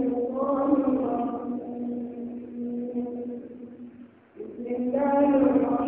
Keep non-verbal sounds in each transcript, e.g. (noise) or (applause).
الله الرحيم بسم الله الرحمن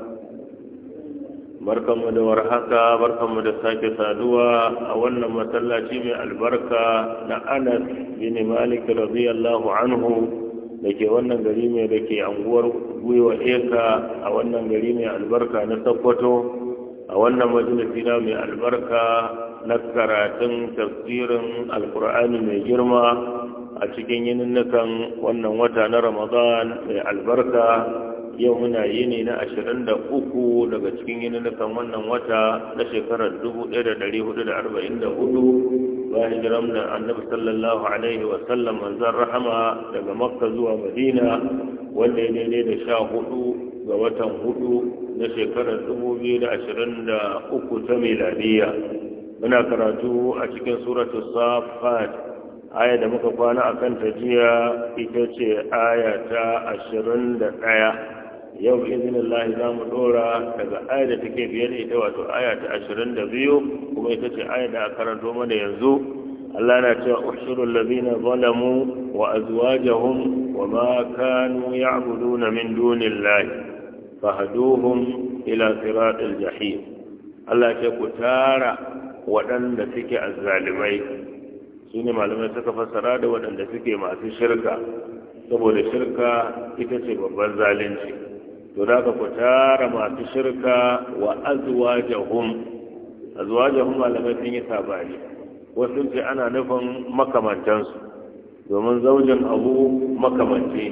barkanmu da warhaka barkanmu da sake saduwa a wannan masallaci mai albarka na anas bin malik radiyallahu anhu da ke wannan gari mai da ke anguwar gwiwa eka a wannan gari mai albarka na sokoto a wannan majalisi na mai albarka na karatun tafsirin alkur'ani mai girma a cikin yininnukan wannan wata na ramadan mai albarka yau muna yi ne na ashirin da uku daga cikin na wannan wata na shekarar dubu ɗaya da ɗari hudu da arba'in da hudu bayan hijiram da annabi sallallahu alaihi wa sallam rahama daga makka zuwa madina wanda ya daidai da sha hudu ga watan hudu na shekarar dubu biyu da ashirin da uku ta miladiya muna karatu a cikin suratu safat aya da muka kwana a kan jiya ita ce aya ta ashirin da ɗaya yau bi izinin lahi za mu dora daga aya da take biye ita wato aya ta ashirin da biyu kuma ita ce aya da karanto mana yanzu Allah na cewa ushuru ladina zalamu wa azwajahum wa ma kanu ya'buduna min dunillahi fahduhum ila siratil jahim Allah ce ku tara waɗanda suke azzalimai shine malamai suka fassara da waɗanda suke masu shirka saboda shirka ita ce babban zalunci to da ka ku tara masu shirka wa azwajahum azwajahum malamai sun yi sabari, wasu ce ana nufin makamantansu domin zaujin abu makamanci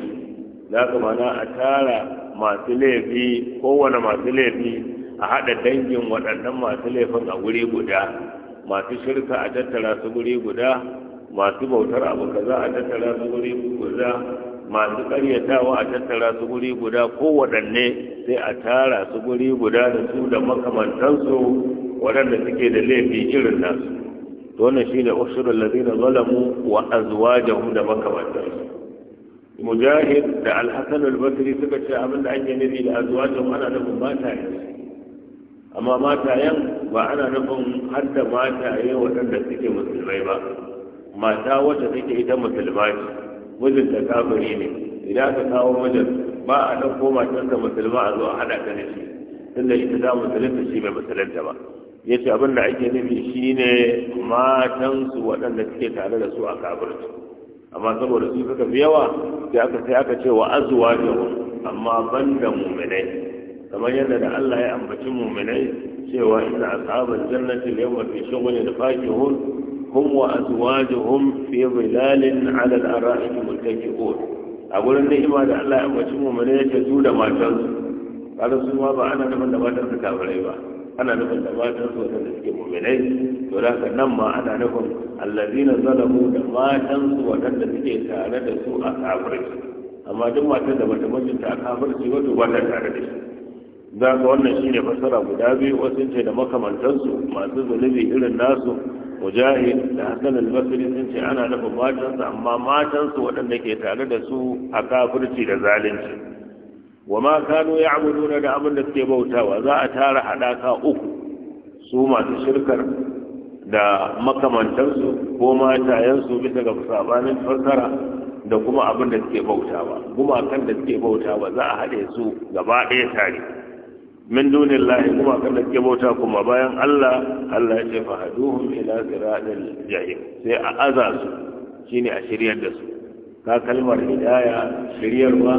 da ka mana a tara masu laifi kowane masu laifi a haɗa dangin waɗannan masu laifin a guri guda masu shirka a tattara su guri guda masu bautar abu kaza a tattara su guri guda masu karyatawa a tattara su guri guda ko waɗanne sai a tara su guri guda da su da makamantansu waɗanda suke da laifi irin nasu to wannan shi da ushurul ladina zalamu wa azuwa da makamantansu mujahid da Alhassan albasiri al suka ce abin da ake nufi da azwajahum ana nufin matayen amma matayen ba ana nufin har da mataye waɗanda suke musulmai ba mata wacce take ita musulma ce mijin ta kafiri ne idan aka kawo mijin ba a nan ko matarsa musulma a zo a hada ka da shi tunda ita za musulunta shi bai musulunta ba ya ce abin da ake nufi shi ne su waɗanda suke tare da su a kafirci amma saboda su suka fi yawa sai aka sai aka ce wa azuwa da amma ban da muminai kamar yadda da Allah ya ambaci muminai cewa ina asabar jannati yawma fi shughli da fakihun هم وأزواجهم في ظلال على الأرائك al أقول muttaqi'un a gurin ni'ima da Allah ya ambaci mu mun yace su da matan su kada ba ana nufin da matan su kafirai ba ana nufin da matan su wanda suke mu'minai to da haka nan ma ana da da su za ka wannan shi ne fasara guda biyu wasu ce da makamantansu masu zunubi irin nasu mujahid da hasan al-basri sun ce ana nufin matansu amma matansu waɗanda ke tare da su a kafirci da zalunci wa ma kanu ya'buduna da abin da suke bautawa za a tara hadaka uku su masu shirkar da makamantansu ko matayensu bisa ga sabanin fassara da kuma abin da suke bautawa kuma kan da suke bautawa za a haɗe su gaba ɗaya tare min dunin lahi kuma kan da ke bauta kuma bayan Allah Allah ya ce fa haduhum ila siratil jahim sai a aza su shine a shiryar da su ka kalmar hidaya shiryarwa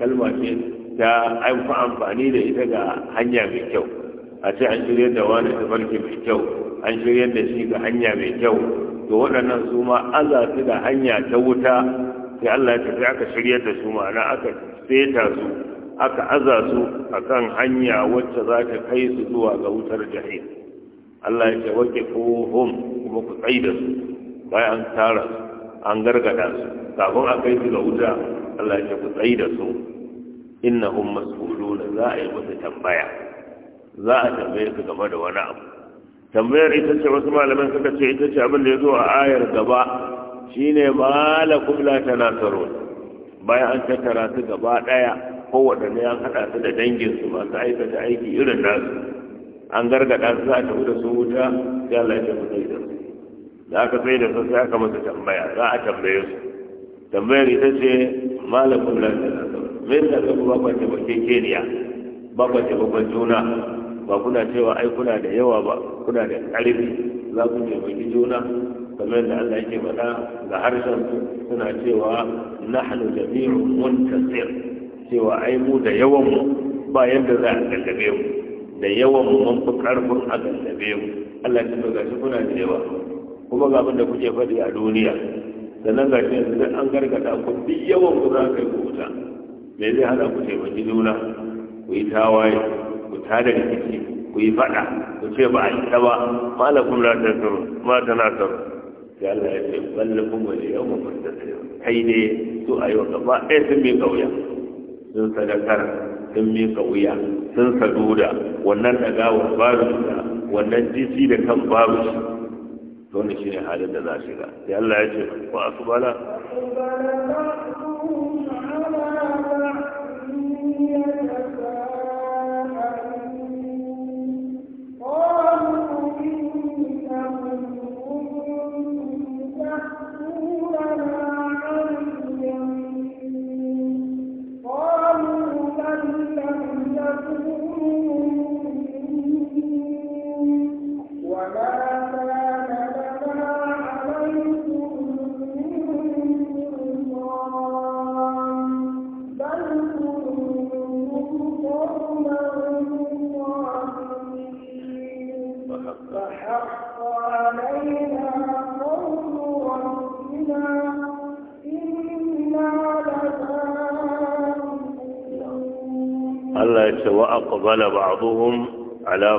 kalma ce ta an fi amfani da ita ga hanya mai kyau a ce an shiryar da wani tafarki mai kyau an shiryar da shi ga hanya mai kyau to waɗannan su ma aza su da hanya ta wuta sai Allah ya tafi aka shiryar da su ma'ana aka seta su aka aza su akan hanya wacce za ta kai su zuwa ga wutar jahil Allah ya ce, wake kohom kuma ku tsaye da su bayan an tara su an gargada su kafin a kai su ga wuta Allah ya ce ku tsaye da su Inna innahum mas'uluna za a yi musu tambaya za a tambaye su game da wani abu tambayar ita ce wasu malaman suka ce ita ce abin da ya zo a ayar gaba shine malakum la tanasarun bayan an tattara su gaba daya kowaɗanne an haɗa su da danginsu masu aikata aiki irin nasu an gargada su a tafi da su wuta sai Allah ya tafi sai da su da aka sai da su sai aka masa tambaya za a tambaye su tambayar ita ce malamin lafiya na sama me yasa ka bakwai ba taimake keniya ba ba taimakon juna ba kuna cewa ai kuna da yawa ba kuna da ƙarfi za ku taimaki juna kamar da Allah yake faɗa ga harshen suna cewa nahnu jami'un muntasir cewa ai mu da yawan mu ba yadda za a gaggabe mu da yawan mu mun fi karfin a gaggabe mu Allah ya tabbata gashi kuna da yawa kuma ga abin da kuke faɗi a duniya sannan ga shi yanzu an gargada ku duk yawan ku za ka yi ku wuta me zai hana ku taimaki juna ku yi tawaye ku ta da rikici ku yi faɗa ku ce ba a ita ba malakum la tasiru ma tanasiru sai Allah ya ce ballakum wa yawma fastasir kai ne su ayo ba ɗaya sun bi kauya sun sadakar sun miƙa wuya sun saduda wannan daga babu shiga wannan jisi da kan babu shi shi ne halin da za shiga sai Allah ya ce ba su bala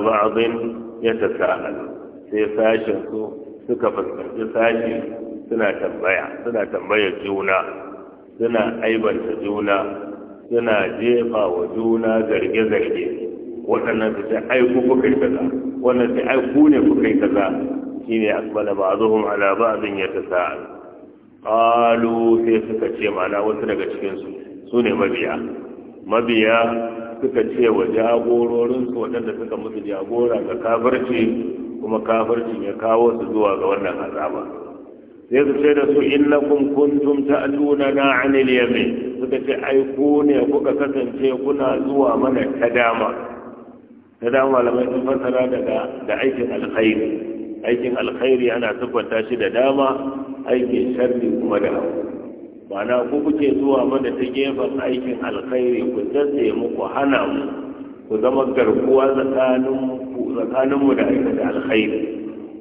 ila ba'dhin yatasaalu sai sashin suka fuskanci sashi suna tambaya suna tambayar juna suna aibanta juna suna jefa wa juna zarge-zarge waɗannan su ce ai ku kuka yi kaza wannan sai ai ku ne kuka yi kaza shine akbala ba'dhum ala ba'dhin yatasaalu qalu sai suka ce mana wasu daga cikin su su ne mabiya mabiya suka ce wa jagororinsu waɗanda suka musu jagora ga kafirci kuma kafarci ya kawo su zuwa ga wannan azaba sai su ce da su innakum kuntum ta'tuna na anil yamin suka ce ai ku ne kuka kasance kuna zuwa mana ta dama ta dama malamai sun fassara da aikin alkhairi aikin alkhairi ana siffanta shi da dama aikin sharri kuma da hagu mana ku kuke zuwa mana ta gefen aikin alkhairi ku dace muku hana mu ku zama garkuwa tsakaninmu da aikata alkhairi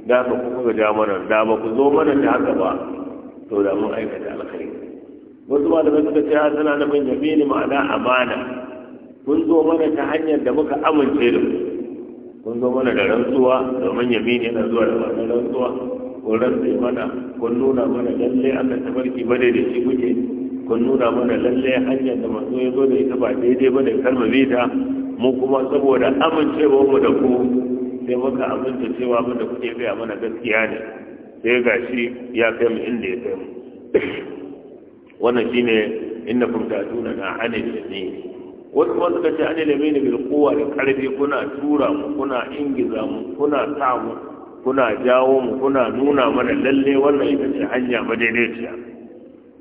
da ku kuka da mana da ba ku zo mana da haka ba to da mun aikata alkhairi wasu ba da suka ce suna na bin yamini ma'ana amana kun zo mana ta hanyar da muka amince da ku kun zo mana da rantsuwa domin yamini yana zuwa da rantsuwa kun rantse mana kun nuna mana lalle da tabarki bane da shi kuke kun nuna mana lalle hanyar da manzo ya zo da ita ba daidai bane kalma ta mu kuma saboda amincewa mu da ku sai muka aminta cewa mu da kuke gaya mana gaskiya ne sai gashi ya kai mu inda ya kai mu wannan shine innakum ta'tuna na anil yamin wasu kuma suka ce anil yamin bil quwwa da karfi kuna tura mu kuna ingiza mu kuna sa mu kuna jawo mu kuna nuna mana lalle wannan ita ce hanya madaidaiciya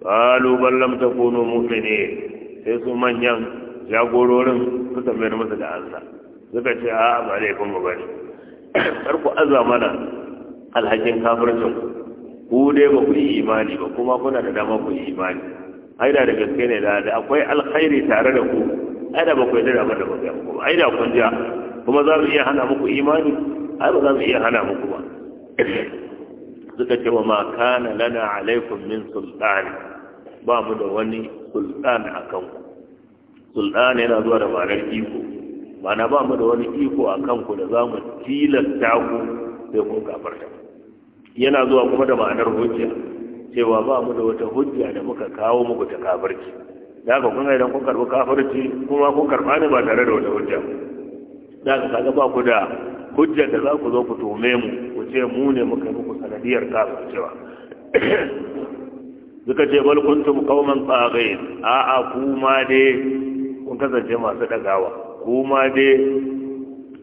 qalu bal lam takunu mu'minin sai su manyan jagororin suka mayar musu da allah suka ce a ba laifin mu ne kar ku azza mana alhakin kafircin ku dai ba ku yi imani ba kuma kuna da dama ku yi imani ai da gaske ne da akwai alkhairi tare da ku ai da ba ku yi da dama da ba ku ai da kun ja kuma za mu iya hana muku imani ai ba za mu iya hana muku ba suka ce wa ma kana lana alaikum min sultani ba mu da wani sultan a kanku sultan yana zuwa da ma'anar iko mana ba mu da wani iko a kanku da za mu tilasta ku sai kun kafarta yana zuwa kuma da ma'anar hujja cewa ba mu da wata hujja da muka kawo muku ta kafarci da haka kun idan kun karɓi kafarci kuma kun karɓa ne ba tare da wata hujja da haka kaga ba ku da hujjar da za ku zo ku tome mu ku ce mu ne muka muku sanadiyar cewa. (coughs) suka ce bal kuntum qauman taghin a a kuma dai kun kasance masu dagawa kuma dai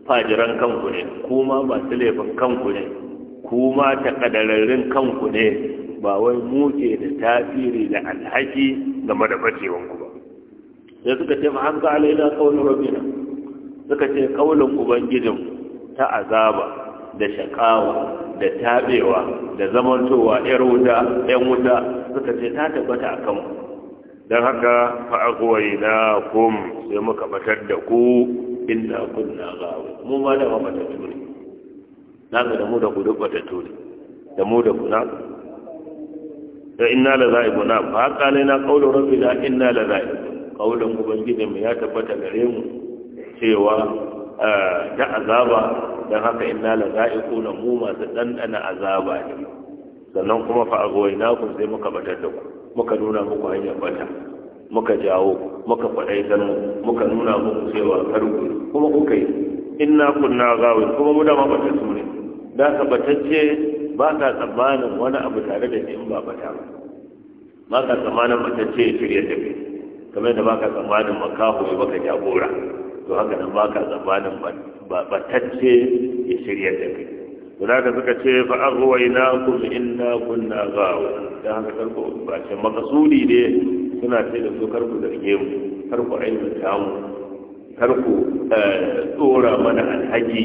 fajiran kanku ne kuma ba laifin kanku ne kuma takadararrun kanku ne ba wai mu ke da tasiri da alhaki game da ku ba sai suka ce ma an ga alaina qaulur rabbina suka ce kaulin ubangijin ta azaba da shakawa da tabewa da zamantowa ‘yar wuta ‘yan wuta suka ce ta tabbata a kanmu don haka fa'agwai na kum sai muka batar da ku inda kun na gawo mu ma da mabatattu turi. na ga da mu da ku duk batattu da mu da ku na da inna la za'ibu na ba ne na kaulin rabbi na inna la za'ibu kaulin ubangijinmu ya tabbata gare mu cewa ta azaba don haka inna la za'iquna mu masu ɗanɗana azaba ne sannan kuma fa ku sai muka batar da ku muka nuna muku hanyar bata muka jawo muka faɗaitar mu muka nuna muku cewa karku kuma kuka yi inna kunna gawo kuma mu dama bata su ne da ka batacce ba ka tsammanin wani abu tare da in ba bata ba ba ka tsammanin batacce ya shirya da kai kamar da ba ka tsammanin makaho ya baka jagora to haka nan baka tsammanin batacce ya shirya da kai guda da suka ce fa aghwayna kum inna kunna ghawa dan haka karku ba ce makasudi ne suna ce da su karku zarge mu karku ta mu karku eh, tsora mana alhaji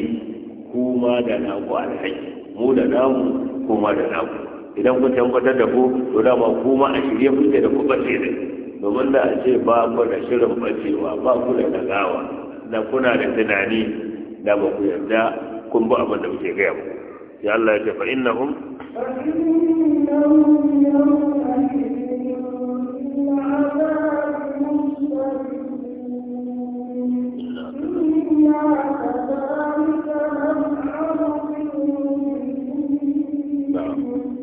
kuma da naku alhaji mu da namu kuma da naku idan kun tabbatar da ku to dama kuma a shirye kuke da ku bace ne domin da a ce ba ku da shirin bacewa ba ku da dagawa da kuna da tunani da ba ku yarda kun bi abin da muke gaya muku ya Allah ya ce fa innahum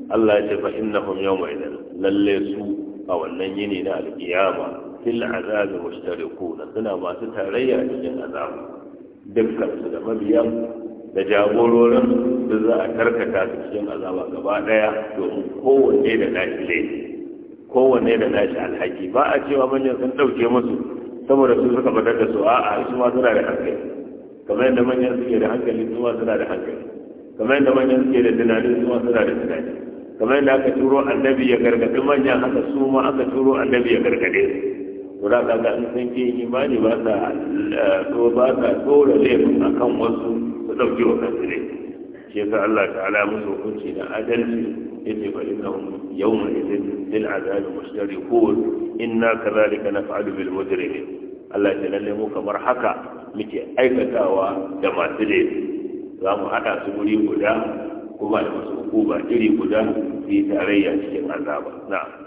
Allah ya ce fa innahum yawma idan lalle su a wannan yini na alkiyama fil azabi mushtariquna suna masu tarayya cikin azabu dukkan su da mabiyan da jagororin da za a karkata su cikin azaba gaba daya domin kowanne da nashi laifi kowanne da nashi alhaki ba a cewa manyan sun ɗauke musu saboda su suka fitar da su a'a su ma suna da hankali kamar yadda manyan suke da hankali su ma suna da hankali kamar yadda manyan suke da tunani su ma suna da tunani kamar yadda aka turo annabi ya gargaɗi manyan haka su ma aka turo annabi ya gargaɗe su kura kaga in sun ke imani ba sa eh, ba sa tsora laifin akan wasu su ɗauki wa kansu ne shi yasa Allah ala musu hukunci na adalci yace fa innahum ko idin lil azab mushtarikun inna kadhalika naf'alu bil mujrimin Allah ya lalle mu kamar haka muke aikatawa da masu laifi za mu haɗa su guri guda kuma da masu hukuma iri guda su yi tarayya cikin azaba na'am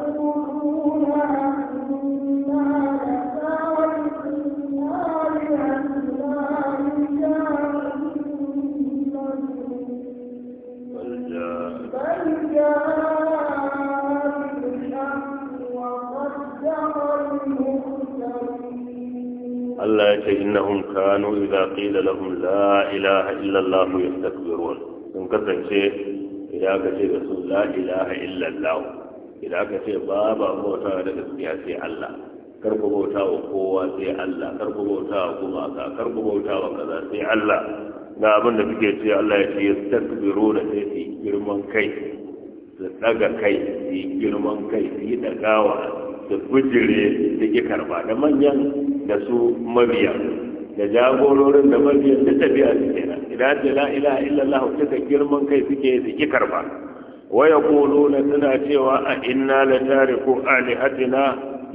Allah ya ce innahum kanu idza qila lahum la ilaha illa Allah yastakbirun sun kasance idan aka ce da su la ilaha illa idan aka ce babu bauta da gaskiya sai Allah kar ku bauta wa kowa sai Allah kar ku bauta wa gumaka kar ku bauta wa kaza sai Allah ga abin da kuke ce Allah ya ce yastakbiruna sai su girman kai su kai su girman kai su yi dagawa su bujire su karba da manyan da su mabiya da jagororin da mabiya da tafiya su kenan idan da la ilaha illallah suka girman kai suke suke karba wa yaquluna suna cewa a inna la tariku alihatina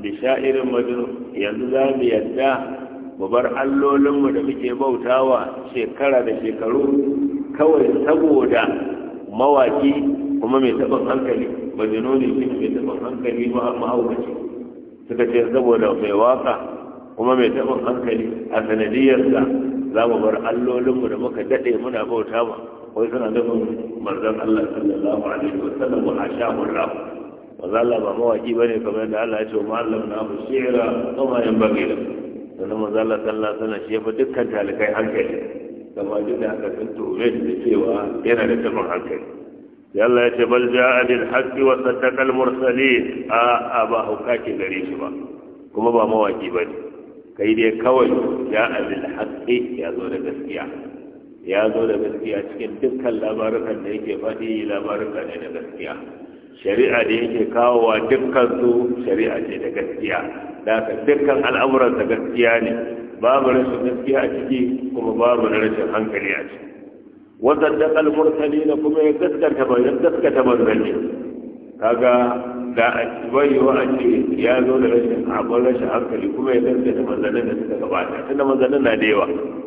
li sha'irin majnun yanzu za mu yadda mu bar allolinmu da muke bautawa shekara da shekaru kawai saboda mawaki kuma mai taban hankali majnuni shi mai taban hankali mahaukaci suka ce saboda mai waka kuma mai taɓin hankali a sanadiyarsa za mu bar allolinmu da muka daɗe muna bauta ma wai suna nufin marzan Allah sallallahu alaihi wa sallam wa ashabul rab wa zalla ba mawaki bane kamar yadda Allah ya ce ma Allah na shi'ira kuma yan bagila sannan manzon zalla sallallahu alaihi wa sallam shi ya fi dukkan talikai hankali kamar duk da haka sun da cewa yana da taɓin hankali Allah ya ce bal ja'a bil haqqi wa saddaqa al mursalin a ba hukaki gare shi ba kuma ba mawaki bane kai dai kawai ya abin haqqi ya zo da gaskiya ya zo da gaskiya cikin dukkan labarukan da yake faɗi labaruka ne da gaskiya shari'a da yake wa dukkan su shari'a ce da gaskiya da ka dukkan al'amuransa gaskiya ne babu rashin gaskiya a ciki kuma babu rashin hankali a ciki wanda da kalmurtali na kuma ya gaskata ba ya gaskata manzanni kaga da a barewa a ce ya zo da rashin abin rashin hankali kuma ya danta da manzannin da suka gabata tunda manzannin na da yawa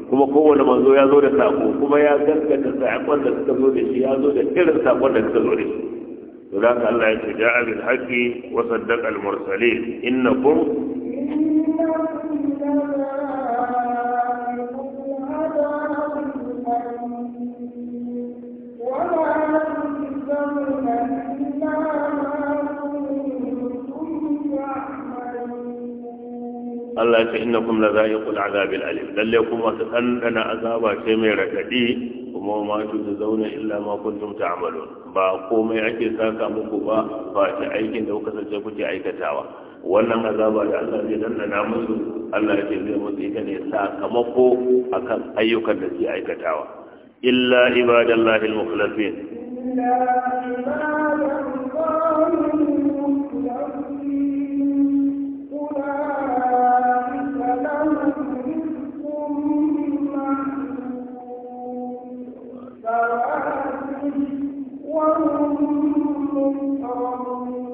kuma kowane manzo ya zo da sako kuma ya gaskata sakon da suka zo da shi ya zo da irin sakon da suka zo da shi to da ka Allah ya ce ja'a bil haqqi wa saddaqa al mursalin innakum وما تجزون إلا Allah ya ce innakum la za'iqul azabil alim lalle ku masu dandana azaba ce mai radadi kuma ma su zauna illa ma kuntum amalu ba komai ake saka muku ba ba ta aikin da kuka sace kuke aikatawa wannan azaba da Allah zai dandana musu Allah ya ce zai musu ita ne sakamako akan ayyukan da suke aikatawa illa ibadallahi almukhlasin illa ibadallahi وهم مكرمون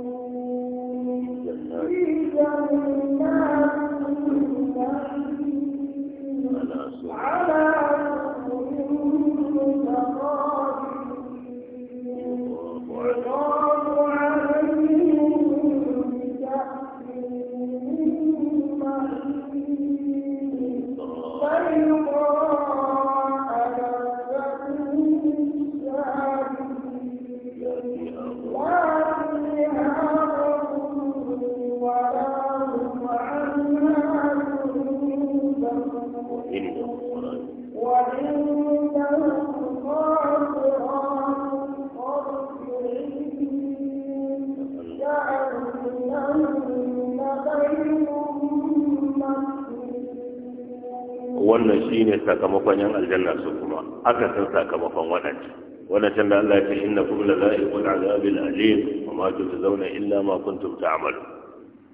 wannan shine sakamakon yan aljanna su kuma aka san sakamakon waɗanda wannan can da Allah ya ce innakum la za'iqul azabil alim wa ma tujzauna illa ma kuntum ta'malu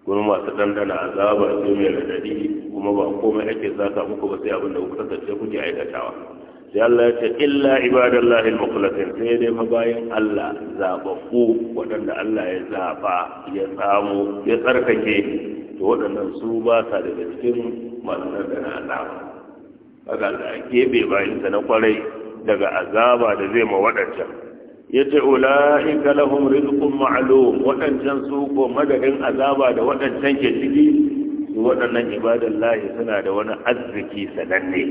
kuma masu dandana azaba ce mai radadi kuma ba komai ake zaka muku ba sai abin da kuka kasance kuke aikatawa sai Allah ya ce illa ibadallahi al-mukhlasin sai dai fa bayan Allah zababbu waɗanda Allah ya zaba ya samu ya tsarkake to waɗannan su ba sa daga cikin masu dandana azaba kaga da ya kebe bayan sa na kwarai daga azaba da zai ma wadancan yace ulaika lahum rizqun ma'lum wadancan su ko madadin azaba da wadancan ke ciki su wadannan lahi suna da wani arziki sananne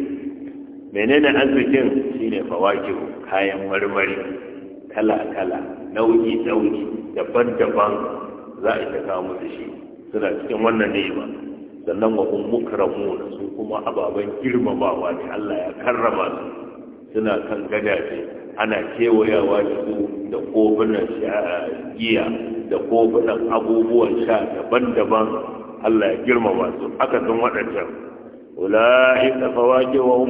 menene arzikin shine fawaki kayan marmari kala kala nau'i nau'i daban-daban za a ta kawo musu shi suna cikin wannan ne ba sannan wa hum da su kuma ababen girmamawa ne Allah ya karrama su suna kan gadaje ana kewayawa da su da kofunan giya da kofunan abubuwan sha daban-daban Allah ya girmama su aka sun waɗancan ula'i da fawaki wa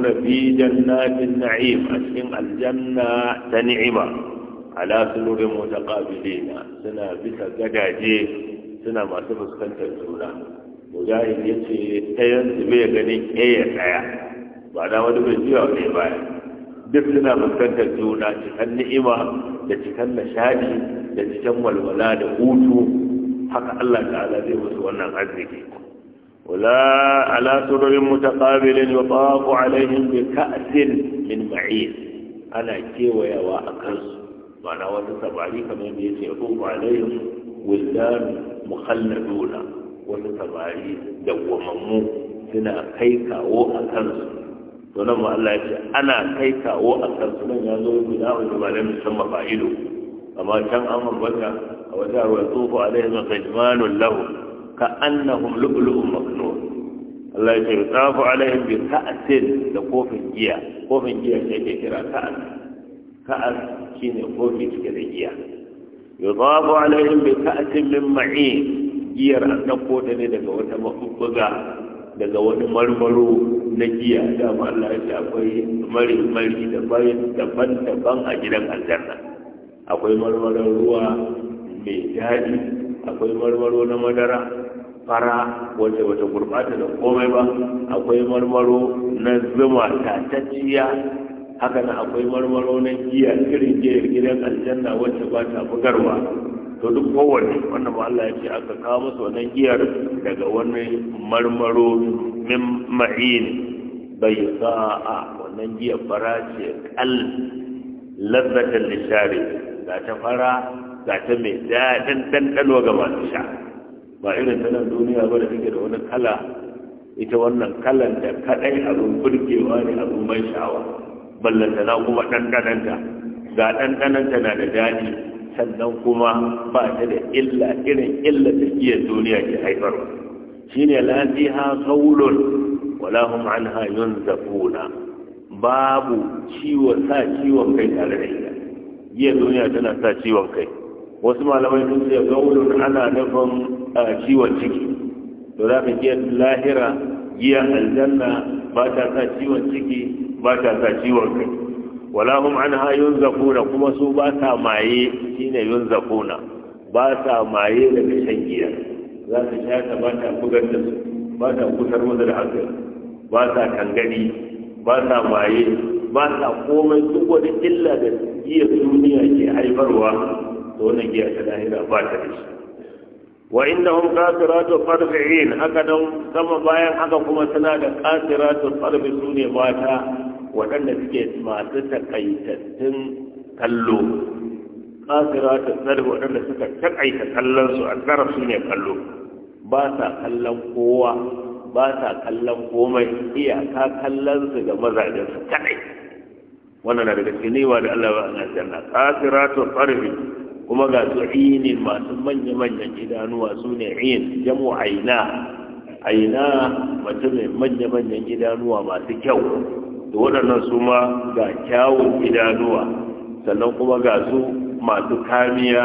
na fi jannatin na'im a cikin aljanna ta ni'ima ala sunurin mutaqabilina suna bisa gadaje suna masu fuskantar juna mujahid ya ce ɗayan su ganin ɗaya ɗaya ba na wani bai juya wani baya duk suna fuskantar juna cikan ni'ima da cikan nishadi da cikan walwala da hutu haka Allah ta'ala zai musu wannan arziki wala ala sururin mutaqabilin yutaqu alaihim bi ka'sin min ma'in ana kewayawa a kansu na wata sabari kamar da yake hukum alaihim wildan mukhalladuna wasu samari da gwamammu suna kai kawo a kansu to nan ma Allah ya ce ana kai kawo a kansu nan ya zo guda wani ba da musamman ido. amma can an ambata a wata ruwa tsofa alaihim sajmanun lahu ka annahum lu'lu'un maknun Allah ya ce tsafu alaihim bi ka'asin da kofin giya kofin giya ne ke kira ka'as ka'as shine kofi cike da giya yudafu alaihim bi ka'asin min ma'in giyar an ɗauko ta ne daga wata mabubbuga daga wani marmaro na giya da Allah ya ce akwai mari mari da bayan daban daban a gidan aljanna akwai marmaron ruwa mai daɗi akwai marmaro na madara fara wacce wata gurɓata da komai ba akwai marmaro na zuma tatacciya haka na akwai marmaro na giya irin gidan aljanna wacce ba ta bugarwa to duk kowanne wannan ba Allah ya ce aka kawo masa wannan giyar daga wani marmaro min ma'in bai sa'a wannan giyar fara ce kal lazzatan lishari ga ta fara ga ta mai daɗin ɗanɗano ga masu sha ba irin tana duniya ba da take da wani kala ita wannan kalan da kaɗai abin burgewa ne abin ban sha'awa ballantana kuma ɗanɗananta ga ɗanɗanonta na da daɗi sannan kuma ba ta da illa irin illa da iya duniya ke haifarwa shi ne lafiha saulun wala hum anha yunzafuna babu ciwon sa ciwon kai tare da ita iya duniya tana sa ciwon kai wasu malamai sun ce gaulun ana nufin ciwon ciki to za ka ji lahira giya aljanna ba ta sa ciwon ciki ba ta sa ciwon kai wala hum anha yunzakuna kuma su ba sa maye shine yunzakuna ba sa maye daga shan giya za su sha ta ba ta bugar da su ba ta kusar musu da hankali ba sa kangani ba sa maye ba sa komai duk wani illa da giya duniya ke haifarwa to wannan giya ta lahira ba ta da shi wa innahum qasiratu farfi'in haka dan sama bayan haka kuma suna da qasiratu farfi sune mata waɗanda suke masu takaitattun kallo kasira ta tsari waɗanda suka takaita kallon su a tsara su ne kallo ba sa kallon kowa ba sa kallon komai iyaka kallon su ga mazajen su kadai wannan na daga cikin yiwa da Allah ba a aljanna kasira ta kuma ga su masu manya-manyan idanuwa su ne in jamu aina aina mutum mai manya-manyan idanuwa masu kyau to waɗannan su ma ga kyawun idanuwa sannan kuma ga su masu kamiya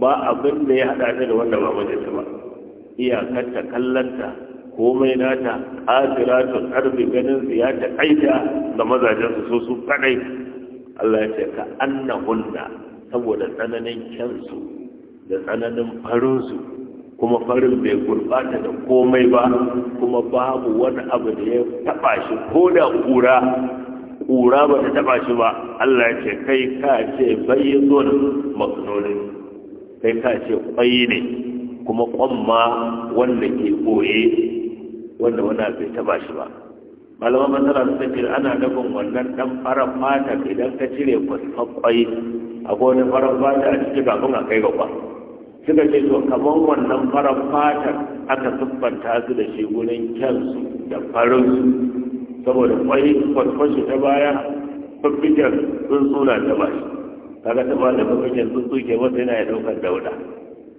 ba abin da ya haɗa ta da wanda ba majalisa ba iyakarta kallanta komai nata ta ƙarfi ganin su ya taƙaita ga mazajen su su kaɗai Allah ya ce ka annahunna saboda tsananin kyansu da tsananin farinsu kuma farin bai gurbata da komai ba kuma babu wani abu da ya taba shi ko da kura kura ba ta taba shi ba Allah ce kai ka ce bayyizun maknoni kai ka ce kwai ne kuma kwamma wanda ke koye wanda wanda bai taba shi ba malama matsala su tafi ana dafin wannan dan farar fata idan ka cire kwasfan kwai akwai wani farar fata a cikin kafin a kai ga kwa suka ce to kamar wannan farar fatar aka siffanta su da shi gurin kyansu da su saboda kwai kwakwashi ta baya fafikin tsuntsuna ta bashi kaga ta ba da fafikin sun ke wata yana ya daukar dauda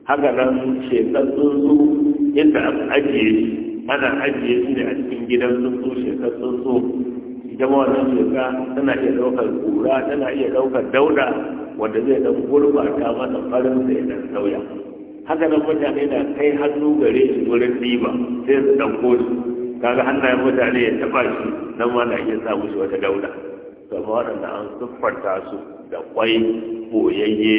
haka nan shekar su inda aka ajiye shi ana ajiye shi ne a cikin gidan tsuntsu shekar tsuntsu jama wannan doka tana iya daukar kura tana iya ɗaukar dauda wanda zai ɗan gurbata masa farin da ya ɗan sauya haka nan mutane na kai hannu gare shi wurin riba sai su ɗauko kodi kaga hannayen mutane ya taba shi nan ma na iya sa musu wata dauda kama waɗanda an siffanta su da kwai boyayye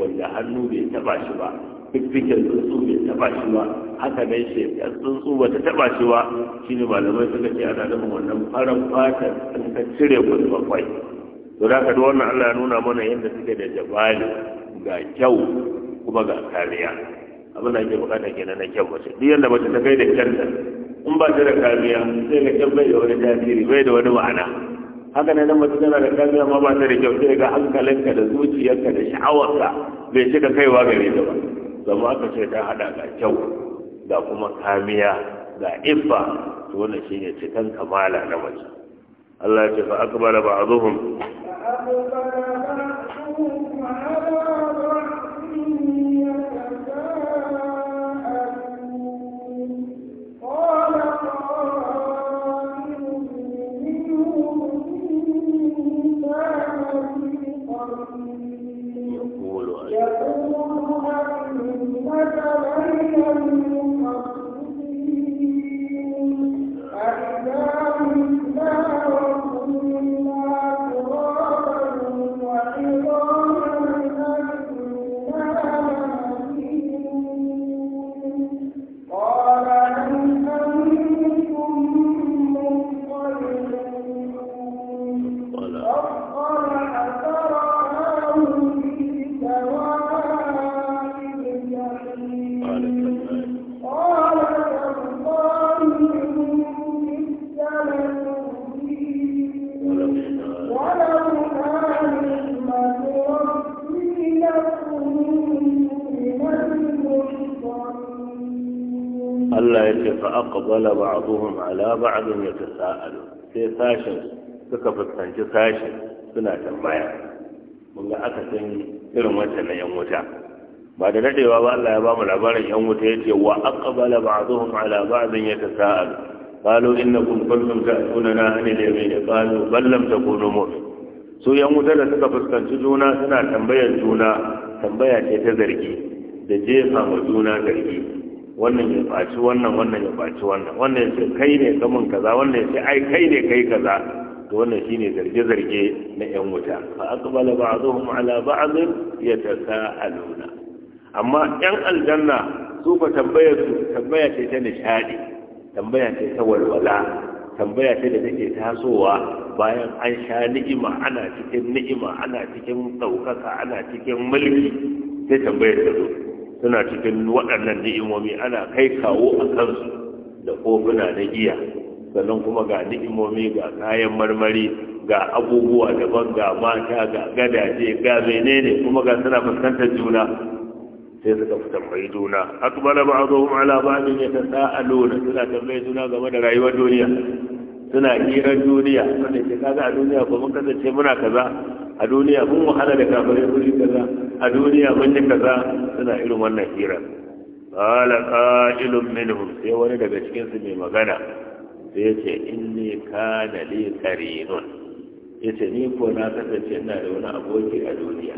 wanda hannu bai taɓa shi ba fiffiken tsuntsu bai taba shi ba haka shi ya tsuntsu ba ta taba shi ba shi ne malamai suka ce ana nufin wannan farar fatar an ta cire wani bakwai? to da ka wannan allah ya nuna mana yadda suke da jabali ga kyau kuma ga kariya abin da ake bukata kenan na kyau mace duk yadda mace ta kai da kyanta in ba ta da kariya sai ga kyan bai da wani tasiri bai da wani ma'ana haka ne nan mace tana da kariya ma ba ta da kyau sai ga hankalinka da zuciyarka da sha'awarka bai shiga kaiwa gare ta ba zama aka ce ta hada ga kyau da kuma kamiya ga ibba to wannan shine cikan kamala na mace Allah ya ce fa akbara ba'dhum fa akbara ba'dhum بعضهم ya ta sa'adu sai sashen suka fuskanci sashen suna tambaya mun aka san irin wancan na yan wuta ba da يتي ba Allah ya ba mu labarin yan wuta yace wa aqbala قالوا بل لم تكونوا qalu su yan wuta da suka fuskanci juna suna tambayar juna tambaya ce ta zargi da jefa ma juna zargi wannan ya faci wannan wannan ya faci wannan wannan ya kai ne kamun kaza wannan ya ai kai ne kai kaza to wannan shine zarge-zarge na yan wuta fa aqbala ba'dhum ala ba'd yatasaaluna amma yan aljanna su fa tambayar su tambaya ce ta nishadi tambaya ce ta walwala tambaya ce da take tasowa bayan an sha ni'ima ana cikin ni'ima ana cikin ɗaukaka ana cikin mulki sai tambayar ta zo suna cikin waɗannan ni'imomi ana kai kawo a kansu da kofuna na giya sannan kuma ga ni'imomi ga kayan marmari ga abubuwa daban ga mata ga gadaje ga menene kuma ga suna fuskantar juna sai suka fi tambayi juna akbala ba'dhum ala ba'dhin yatasaaluna suna tambayi juna game da rayuwar duniya suna kiran duniya wanda ke kaga a duniya ko mun kasance muna kaza a duniya mun wahala da kafirai kuri kaza a duniya mun yi kaza suna irin wannan hira qala qa'ilun minhum sai wani daga cikin su mai magana sai yace inni kana li qarinun yace ni ko na kasance ina da wani aboki a duniya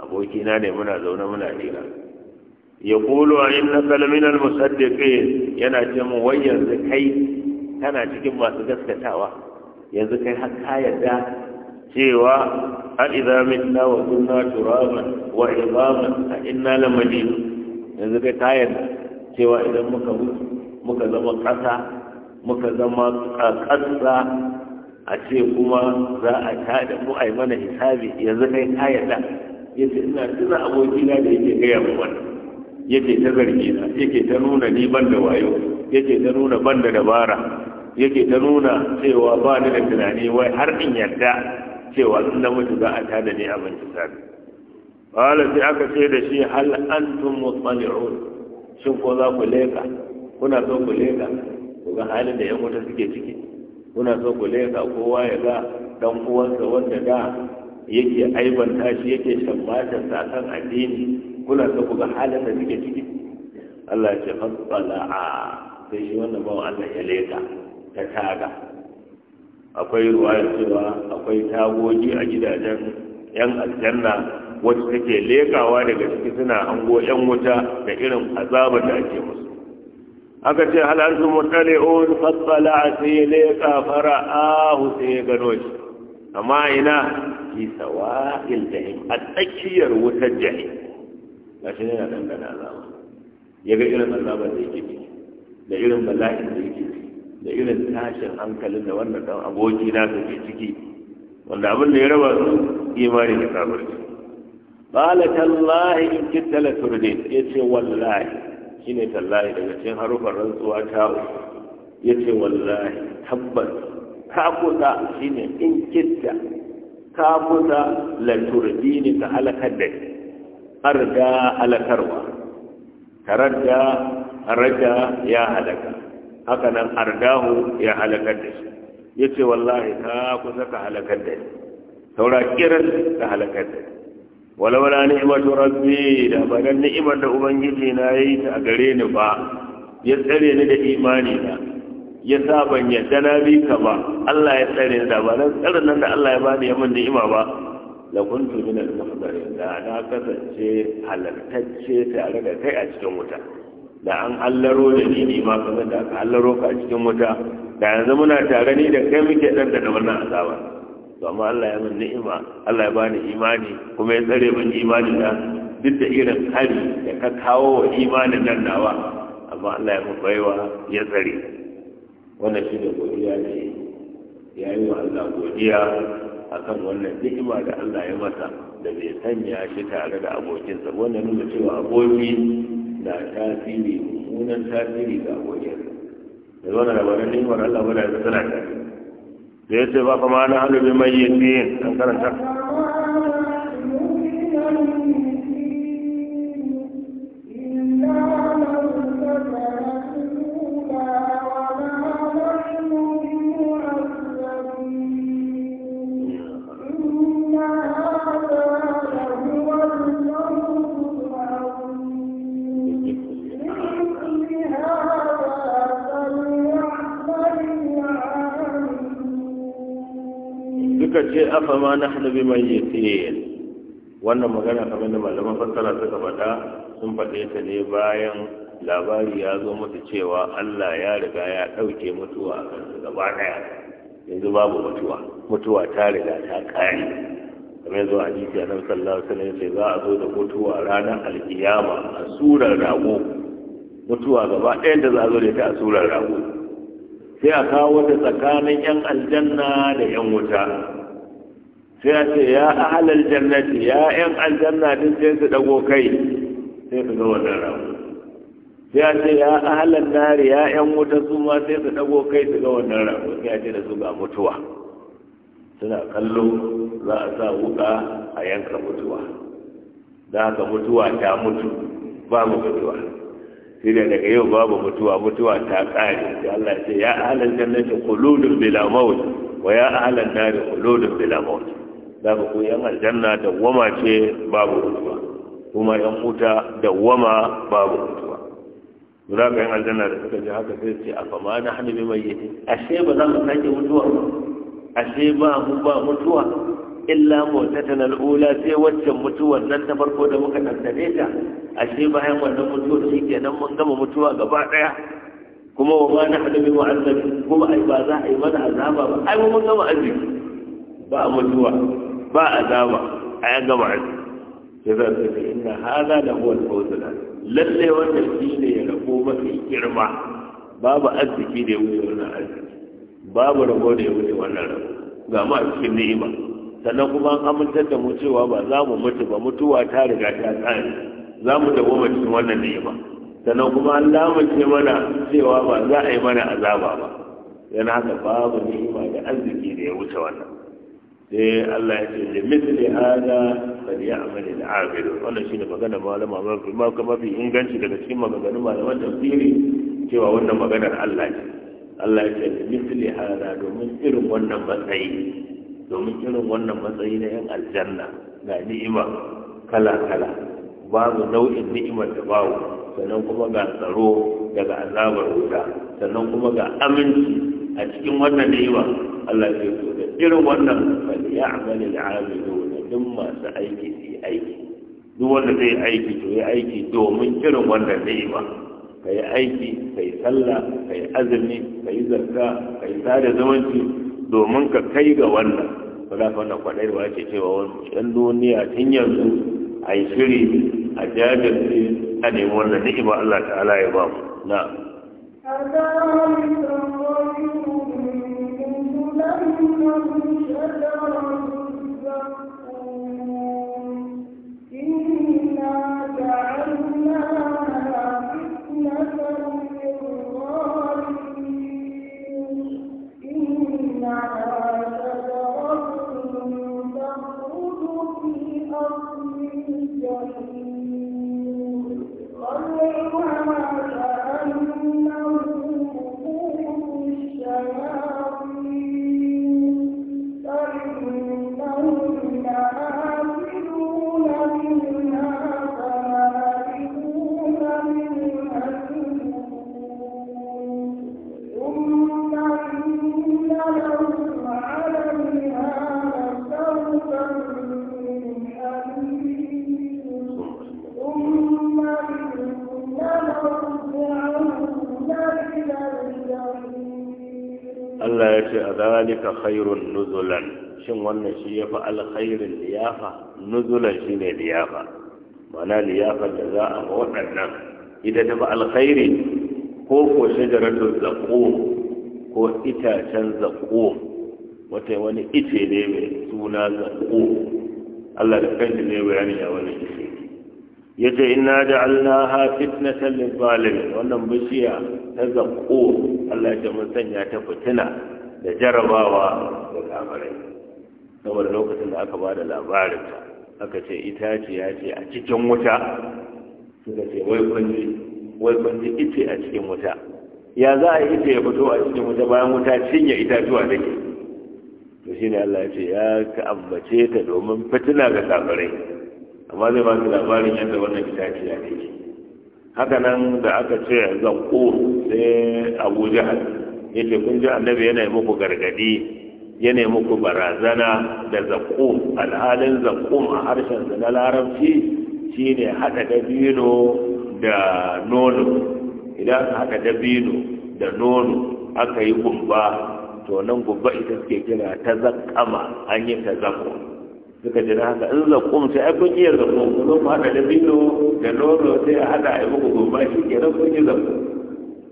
aboki na ne muna zaune muna hira ya kulu a inna kalminan musaddiqin yana ce mu wai yanzu kai kana cikin masu gaskatawa yanzu kai har ka yarda cewa أئذا متنا وكنا ترابا وعظاما أئنا لمدين yanzu kai tayar cewa idan muka mutu muka zama ƙasa muka zama ƙasa a ce kuma za a tada mu a yi mana hisabi yanzu kai tayar da ya ce ina tuna abokina da yake gaya mu wani yake ta zargi na yake ta nuna ni ban da wayo yake ta nuna ban da dabara yake ta nuna cewa ba ni da tunani wai har in yarda cewa sun na mutu za a tada ne a hisabi wala sai aka ce da shi hal antum mutali'un shin ko za ku leka kuna so ku leka ku ga halin da yan wuta suke ciki kuna so ku leka kowa ya ga dan uwansa wanda da yake aibanta shi yake shabbata kan addini kuna so ku ga halin da suke ciki Allah ya ce fasala'a sai shi wannan bawan Allah ya leka ta taga akwai ruwa cewa akwai tagogi a gidajen yan aljanna wacce take lekawa daga ciki suna hango yan wuta da irin azaba da ake musu aka ce hal antum mutali'un fattala sai leka fara'ahu sai gano shi amma ina fi sawa'il dahim a tsakiyar wutar jahim shi ne na dangana azaba ya ga irin azaba da yake da irin bala'in da yake ciki da irin tashin hankalin da wannan dan aboki na ka ke ciki wanda abin da ya raba su imani da kafirci qala tallahi in kitta la turdin yace wallahi shine tallahi daga cikin harufan rantsuwa ta yace wallahi tabbas ka kusa shine in kitta ka kusa la turdini ka halakar da arda halakarwa taradda arda ya halaka haka nan ardahu ya halakar da shi ya ce wallahi ka kusa ka halakar da ni saura kiran ka halakar da shi walawala ni'imatu rabbi da ba dan ni'imar da ubangiji na yi ta a gare ni ba ya tsare ni da imani na ya sa ban yadda na bi ka ba Allah ya tsare ni da ba dan tsarin nan da Allah ya bani ya min ni'ima ba la kuntu min al-muhdarin da na kasance halaltacce tare da kai a cikin wuta da an allaro da ni ne ma kaga da aka allaro ka a cikin wuta da yanzu muna tare ni da kai muke dan da wannan azaba to amma Allah ya min ni'ima Allah ya bani imani kuma ya tsare min imani da duk da irin hari da ka kawo wa imanin nan nawa amma Allah ya min baiwa ya tsare wannan shi ne godiya ne ya yi wa Allah godiya akan wannan ni'ima da Allah ya masa da bai sanya shi tare da abokinsa wannan nuna cewa aboki da tasiri mummunan tasiri ga abokin da zo na rabarin nemar Allah wala ya zana ta da ya ce ba kuma na hannu bi mai yi an karanta ma nahnu bimayyitin wannan magana kamar da malaman fassara suka faɗa sun faɗe ta ne bayan labari ya zo musu cewa Allah ya riga ya ɗauke mutuwa a kansu gaba ɗaya yanzu babu mutuwa mutuwa ta riga ta ƙare kamar yanzu a jiki a nan sallallahu alaihi za a zo da mutuwa ranar alkiyama a surar rago mutuwa gaba ɗayan da za a zo da ita a surar rago sai a kawo ta tsakanin 'yan aljanna da 'yan wuta sai ya ce ya ahalal jannati ya yan aljanna din sai su dago kai sai su ga wannan rago sai ya ce ya ahalan nari ya yan wuta su ma sai su dago kai su ga wannan rago sai ya ce da su ga mutuwa suna kallo za a sa wuka a yanka mutuwa da haka mutuwa ta mutu babu mutuwa sai da daga yau babu mutuwa mutuwa ta ƙare sai Allah ya ce ya ahalan jannati khuludun bila maut wa ya ahalan nari khuludun bila maut za ka koyi yan aljanna dawwama ce babu mutuwa kuma yan wuta dawwama babu mutuwa za ka yan aljanna da suka ji haka sai ce a ma na hannu mai mai yi ashe ba za mu sake mutuwa ashe ba mu ba mutuwa illa motatan al'ula sai waccan mutuwar nan ta farko da muka tantane ta ashe bayan wannan mutuwar shi kenan mun gama mutuwa gaba daya kuma wa ma na hadu bi mu'azzabi kuma ai ba za a yi mana azaba ba ai mun gama azabi ba mutuwa ba azaba a ya gama a ya za su ce ina hada da huwa da lalle wanda shi ne ya rabo mafi girma babu arziki da ya wuce wannan arziki babu rabo da ya wuce wannan rabo ga ma a cikin ni'ima sannan kuma an amintar da mu cewa ba za mu mutu ba mutuwa ta riga ta tsari za mu ma cikin wannan ni'ima sannan kuma an lamunce mana cewa ba za a yi mana azaba ba yana haka babu ni'ima da arziki da ya wuce wannan sai Allah ya ce da misali hada ya ya'mal da abin wannan shine magana malama mafi ma kuma bi inganci daga cikin maganganun malaman tafsiri cewa wannan maganar Allah ce Allah ya ce da misali hada domin irin wannan matsayi domin irin wannan matsayi na yan aljanna ga ni'ima kala kala babu nau'in ni'imar da babu sannan kuma ga tsaro daga azabar wuta sannan kuma ga aminci a cikin wannan ni'ima Allah ya ce da irin wannan ya'mal al'amilun duk masu aiki su aiki duk wanda zai aiki to ya aiki domin irin wannan ni'ima kai aiki kai sallah kai azumi kai zakka kai sada zumunci domin ka kai ga wannan saboda wannan kwadarwa ce cewa wannan duniya tun yanzu a yi shiri a jajirce a nemi wannan ni'ima Allah ta'ala ya ba mu na أنه شجرة Allah ya ce a zalika khairun nuzulan shin wannan shi ya fi alkhairun liyafa nuzulan shi ne liyafa mana liyafar da za a ma waɗannan ita ta ba alkhairi ko ko shajaratun zaƙo ko itacen zaƙo wata wani ice ne mai suna zaƙo Allah da kanshi ne bayani a wani ice ya ce ina da allaha fitnatan lizalimi wannan bishiya ta zakko Allah ya mun sanya ta fitina da jarabawa da kamarai saboda lokacin da aka ba da labarinta aka ce ita ce a cikin wuta suka ce wai kwanci wai kwanci ita a cikin wuta ya za a ita ya fito a cikin wuta bayan wuta cinye itatuwa ke? to shine Allah ya ce ya ka ambace ta domin fitina ga kafirai amma zai ba labarin yadda wannan itaciya ne haka nan da aka ce zanko sai abu jihar ya ce kun ji annabi yana muku gargadi yana muku barazana da zakkum alhalin zakkum a harshensa na larabci shine haɗa dabino da nono idan aka haɗa dabino da nono aka yi gumba to nan gumba ita ke kira ta zakama an yi ta zakkum suka jira da haka in zakum sai ai kun iya zakum kun zan ku da bino da lolo sai a haɗa a yi muku gumba shi ke nan kun yi zakum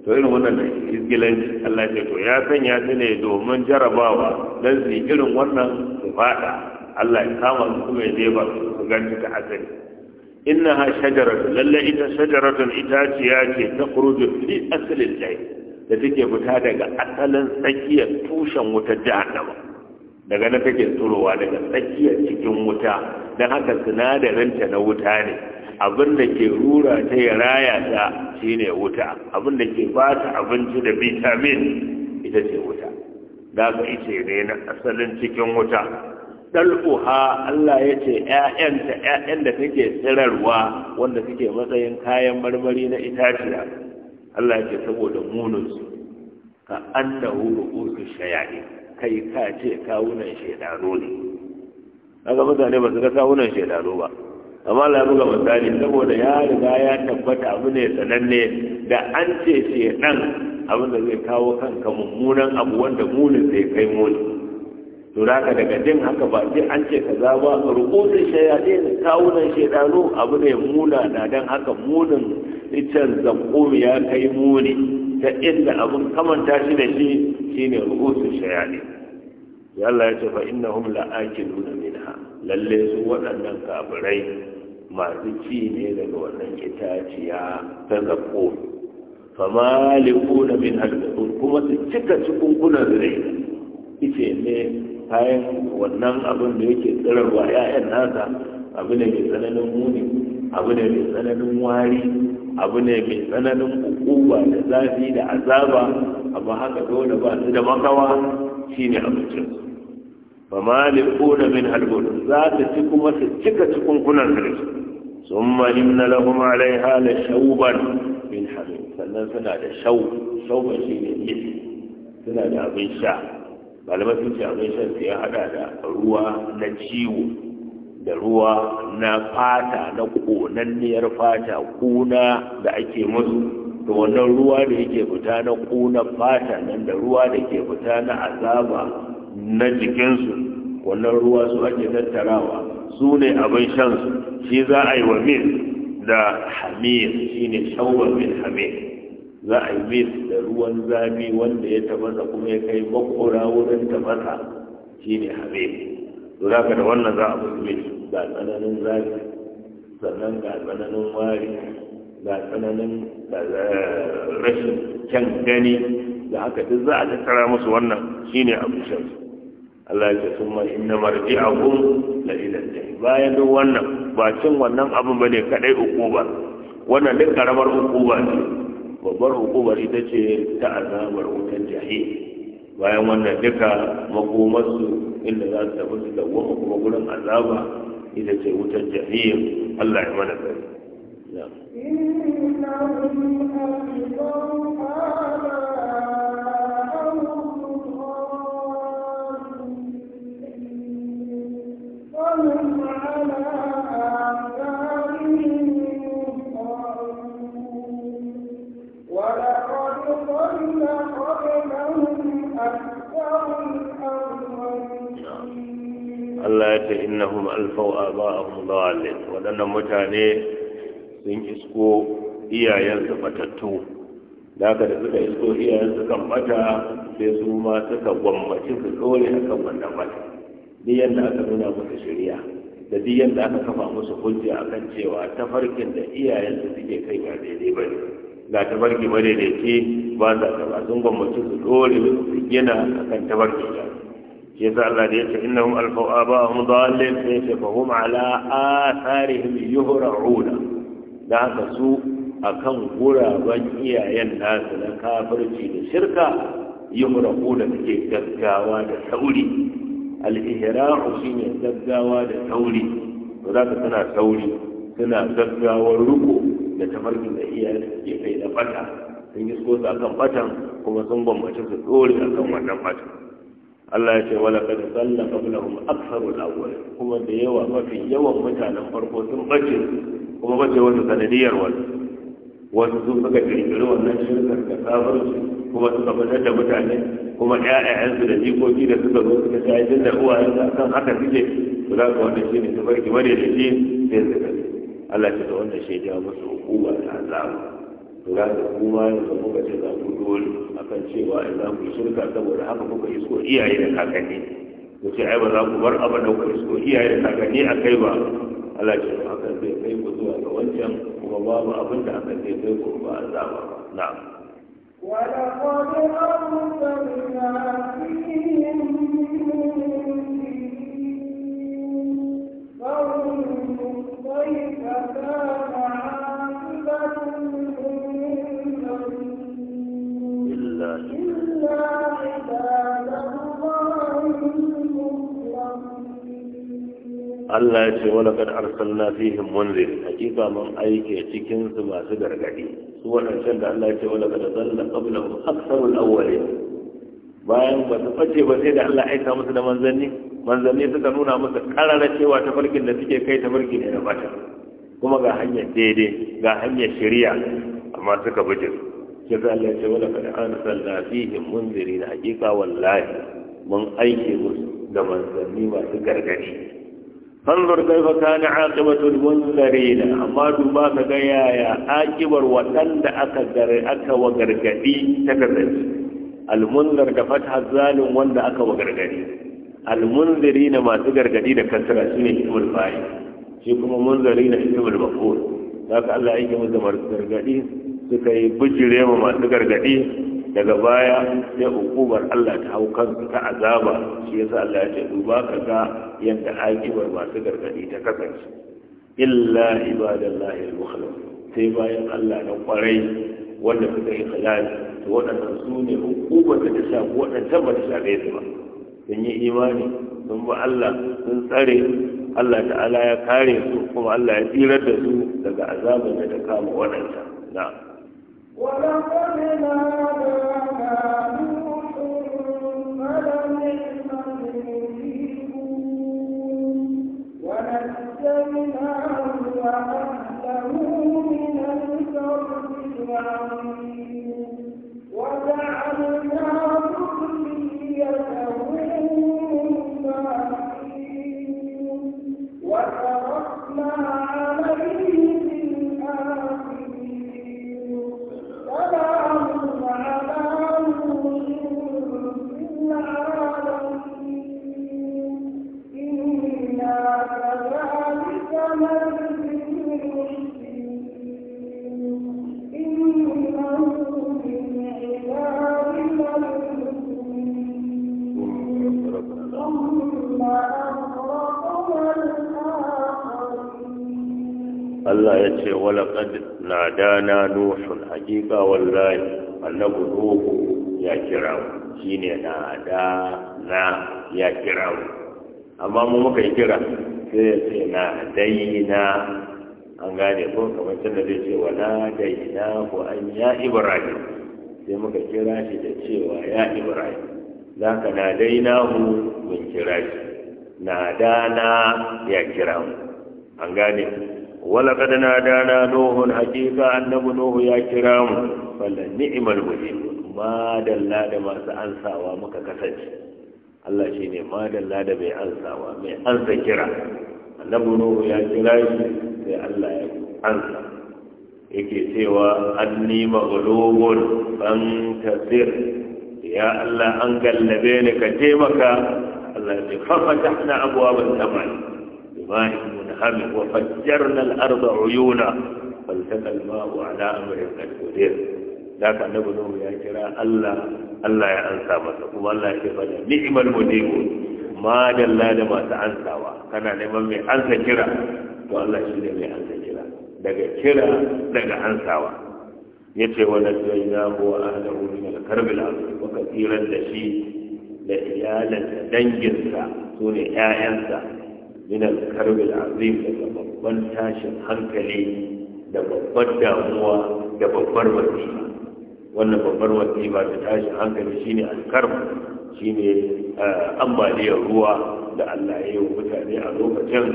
to irin wannan izgilan Allah ce to ya sanya ta ne domin jarabawa don su irin wannan su faɗa Allah ya kama su kuma ya ba su ganci ta asali inna ha shajaratu lalla ita shajaratun itaciya ce ta kuruju fi asalin jai da take fita daga asalin tsakiyar tushen wutar jahannama daga nan take tsirowa daga tsakiyar cikin wuta don haka sinadarinta na wuta ne abin da ke rura ta ya raya ta shine wuta abin da ke ba ta abinci da vitamin ita ce wuta da ka ice ne na asalin cikin wuta dal'uha Allah ya ce ‘ya'yanta ‘ya'yan da take tsirarwa wanda suke matsayin kayan marmari na itaciya Allah ya ce saboda munus ka annahu ru'usu shayayi kai ka ce kawunan shaidano ne kaga mutane ba su ga kawunan shaidano ba amma Allah ya buga saboda ya riga ya tabbata abu ne sananne da an ce shaidan abin da zai kawo kanka mummunan abu wanda munin zai kai muni to da daga din haka ba sai an ce kaza ba rubutun shayatin kawunan shaidano abu ne muna na dan haka munin icen zanko ya kai muni ta inda abun kamanta shi da shi shine ru'usu shayani ya Allah ya ce fa innahum la'akiluna minha lalle su waɗannan kafirai masu ci ne daga wannan itaciya ta zako famalikuna min halbutun kuma su cika cikunkunan zai ice ne kayan wannan abin da yake tsirarwa 'ya'yan nasa abin da ke tsananin muni abu ne mai tsananin wari abu ne mai tsananin hukuma da zafi da azaba amma haka dole ba su da makawa Shi ne abincin ne malikuna min halbun za ta ci kuma su cika cikin kunan su na inna lahum alaiha la shawban min hamim sannan suna da shaw shi ne misk suna da abin sha malamai sun ce abin sha sai ya hada da ruwa na ciwo da ruwa na fata na ƙonanniyar fata kuna da ake musu to wannan ruwa da yake fita na kuna fata nan da ruwa da ke fita na azaba na jikinsu wannan ruwa su ake tattarawa su ne abin shansu shi za a yi wa min da hamir shi ne shawar min hamir za a yi min da ruwan zafi wanda ya tabasa kuma ya kai makora wurin tabasa shi ne hamir to da ka da wannan za a musulmi ga tsananin zafi sannan ga tsananin wari ga tsananin eh, rashin kyan gani da haka duk za a tattara musu wannan shine abin shansu Allah ya sun ma inna da la da jahim bayan duk wannan ba cin wannan abin bane kadai ukuba wannan duk karamar ukuba ce babbar ukubar ita ce ta azabar wutan jahim bayan wannan duka makomarsu inda za su tafi su dawwama kuma gurin azaba ita ce wutar jahim Allah ya mana gari وَلَقَدْ ضَلَّ Allah ya ce innahum alfau aba'ahum dhalin wadannan mutane sun isko iyayensu matattu da aka da suka isko iyayensu kan mata sai su ma suka gwammaci su dole kan wannan mata duk yadda aka nuna musu shirya da duk yadda aka kafa musu hujja akan cewa tafarkin da iyayensu suke kai ba daidai ba ne ga tafarki madaidaici ba sa gaba sun su dore su gina a kan tabarki da shi sa Allah da yace innahum alfau abahum dallin sai ce fa hum ala atharihim yuhra'una da haka su akan guraben iyayen nasu na kafirci da shirka yuhra'una suke gaggawa da sauri al-ihra'u shine gaggawa da sauri to zaka tana sauri suna gaggawar ruko da tafarkin da iyayen suke kai fata sun yi a akan batan kuma sun bambace su a akan wannan batan Allah ya ce wala kad salla qablahum aktharu al-awwal kuma da yawa mafi yawan mutanen farko sun bace kuma bace wasu sanadiyar wani wasu sun suka kirkiri wannan shirkar da kafirci kuma suka fitar da mutane kuma ƴaƴansu da jikoki da suka zo suka sha tun da da kan haka suke su za ka wannan shi ne su barki mare da shi sai su gani Allah ya ce wannan shi ya jawo musu hukuma ta azaba lura kuma yanzu muka ce za ku dole akan cewa in za ku shirka saboda haka kuka isko iyaye da kakanni ku ce ai ba za ku bar abin da kuka isko iyaye da kakanni a kai ba Allah ce haka zai kai ku zuwa ga wancan kuma babu abin da aka zai kai ku ba azaba na'am ولقد أرسلنا فيهم Allah ya ce wala kad arsalna fihim munzir hakika mun aike cikin su masu gargadi su wadancan da Allah ya ce wala kad zalla qablahum aktharul awwalin bayan ba su face ba sai da Allah aika musu da manzanni manzanni suka nuna musu karara cewa ta farkin da suke kai tafarki ne na bata kuma ga hanyar daidai ga hanyar shari'a amma suka buje sai Allah ya ce wala kad arsalna fihim munzirin hakika wallahi mun aike musu da manzanni masu gargadi fanzur kaifa kana aqibatul munzarina amma duba ka ga yaya aqibar waɗanda aka gare aka wa gargadi ta gargadi almunzar da fatha zalim wanda aka wa gargadi almunzirina masu gargadi da kasra shine ismul fa'il shi kuma munzarina ismul maf'ul haka Allah yake musu gargadi suka yi bijire ma masu gargadi daga baya sai hukumar Allah ta hau kansu ta azaba shi yasa Allah ya ce duba ka ga yadda akibar masu gargadi ta kasance illa ibadallahi al-mukhlas sai bayan Allah na kwarai wanda suka yi ikhlasi to waɗannan su ne hukumar da ta shafi waɗanda ba ta shafe su ba sun yi imani sun bi Allah sun tsare Allah ta'ala ya kare su kuma Allah ya tsirar da su daga azabar da ta kama waɗanta na ولقد نعلم منها وأهله من الكرب والعمل Allah ya ce walaƙad na dana nufin hakika wallahi annabu nufin ya kira shi ne na dana ya kira amma mu muka yi kira sai ya ce na daina an gane ko kamar can da zai ce wa na daina ko an ya ibrahim sai muka kira shi da cewa ya ibrahim za ka na daina hu mun kira shi na dana ya kira an gane wala kada na dana nuhun hakika annabu nuhu ya kira mu falla ni'mal mujib ma dalla da masu ansawa muka kasance Allah shi ne ma dalla da bai ansawa mai ansa kira annabu nuhu ya kira shi sai Allah ya ansa yake cewa anni maghlubun an tasir ya Allah an gallabe ni ka taimaka Allah ya ce fa fatahna abwaban samai ماء منهمر وفجرنا الأرض عيونا فالتقى الماء على أمر قد قدر ذاك النبي نوح يا جرا الله الله يا أنسى مسكم الله يا نعم المديرون ما دل لا ما تأنسوا كان نعم من أنسى جرا والله شيء من أنسى جرا daga kira daga ansawa ya ce wa najjayna hu ahlahu min al-karbil azim wa kathiran da shi da iyalan da danginsa su ne ƴaƴansa min al da al daga babban tashin hankali da babbar damuwa da babbar wasifa wannan babbar wasifa da tashin hankali shine al shine ambaliyar ruwa da Allah ya yi mutane a lokacin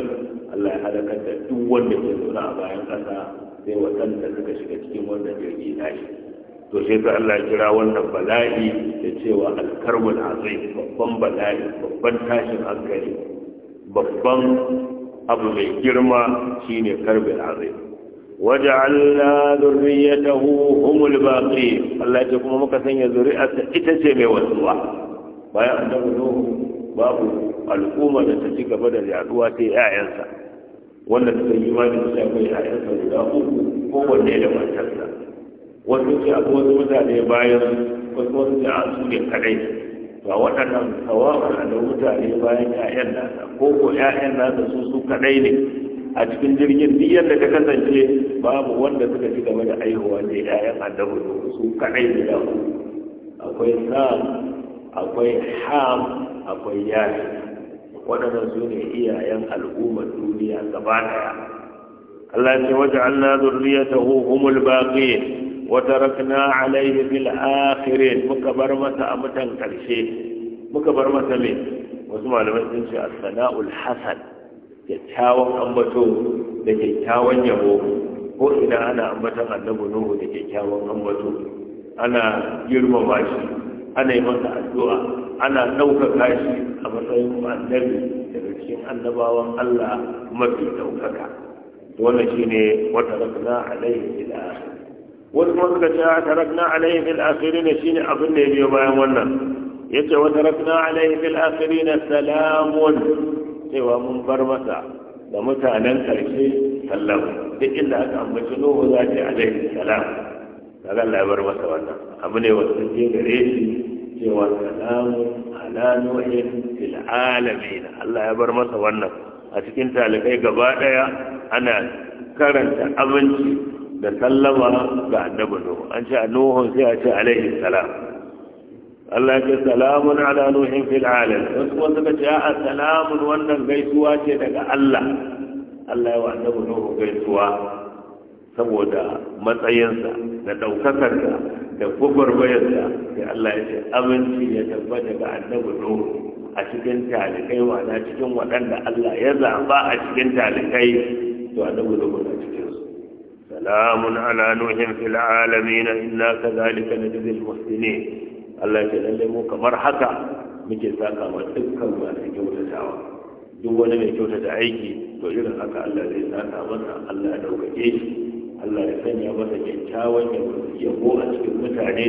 Allah ya halakar da duk wanda ke zaune a bayan kasa, sai waɗanda suka shiga cikin wanda jirgi na shi to sai ta wannan bala'i da cewa alkarbul azim babban bala'i babban tashin hankali babban abu mai girma shine karbin azai waje Allah zurriyatahu humul baqi Allah ya kuma muka sanya ta ita ce mai wasuwa bayan an annabi Nuhu babu al'umma da ta ci gaba da yaduwa sai 'ya'yansa wanda suka yi ma da akwai 'ya'yansa guda uku wanne da matarsa wasu ce akwai wasu mutane bayan wasu wasu a su ne kadai ga waɗannan tawagar da mutane bayan 'ya'yan nasa ko ko 'ya'yan nasa su su kaɗai ne a cikin jirgin duk yadda ta kasance babu wanda suka ci gaba da aihuwa ne 'ya'yan annabi su kaɗai ne da akwai sam akwai ham akwai yari waɗannan su ne iyayen al'ummar duniya gaba ɗaya Allah ya ce wajen Allah zurriyatahu humul baqin وتركنا عليه في الآخرين مكبر متى أمتا كرشي مكبر متى من وسمع لما تنشي الثناء الحسن kyakkyawan ambato da kyakkyawan yabo ko ina ana ambatan annabi nuhu da kyakkyawan ambato ana girmama shi ana yi masa addu'a ana ɗaukaka shi a matsayin annabi daga cikin annabawan Allah mafi ɗaukaka wannan shine wata rakna alaihi wasu kuma suka ce a tarakna alaihi fil shi ne abin da ya biyo bayan wannan Ya ce wa tarakna alaihi fil akhirin salamun cewa mun bar masa da mutanen karshe sallam duk inda aka ambaci nuhu za a alaihi salam kaga Allah ya bar masa wannan abu ne wasu je gare shi cewa salamun ala nuhin fil alamin Allah ya bar masa wannan a cikin talibai gaba daya ana karanta abinci da sallama ga annabi nuhu an ce annuhu sai a ce alaihi salam Allah ce salamun ala nuhin fil alam wasu kuma suka ce a salamun wannan gaisuwa ce daga Allah Allah ya wa annabi nuhu gaisuwa saboda matsayinsa da ɗaukakarsa da gwagwarmayarsa sai Allah ya ce aminci ya tabbata ga annabi nuhu a cikin talikai wa na cikin waɗanda Allah ya zaɓa a cikin talikai to annabi nuhu na cikin سلام على نوح في العالمين إنا كذلك نجزي المحسنين الله جل mu kamar haka muke saka wa dukkan masu kyautatawa duk wani mai kyautata aiki to irin haka Allah zai saka masa Allah ya daukake Allah ya sanya masa kyakkyawan yabo a cikin mutane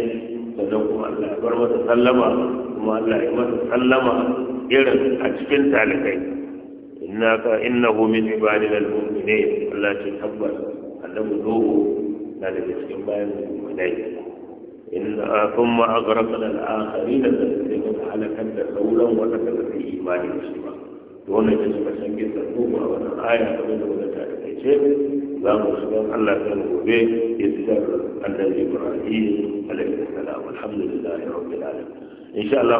sannan kuma Allah ya bar masa sallama kuma Allah ya masa sallama irin a cikin talibai innaka innahu min ibadina al-mu'minin Allah ya annabi nuhu na daga cikin bayan mummunai in kun ah, ma a garakar al'akari da halakar da sauran waɗanda ba su yi imani da shi ba to wannan ya suka san kisa nuhu a wannan aya game da wannan ta takaice za mu shiga Allah ta gobe isar annabi Ibrahim alaihi salam alhamdulillahi rabbil alamin insha Allah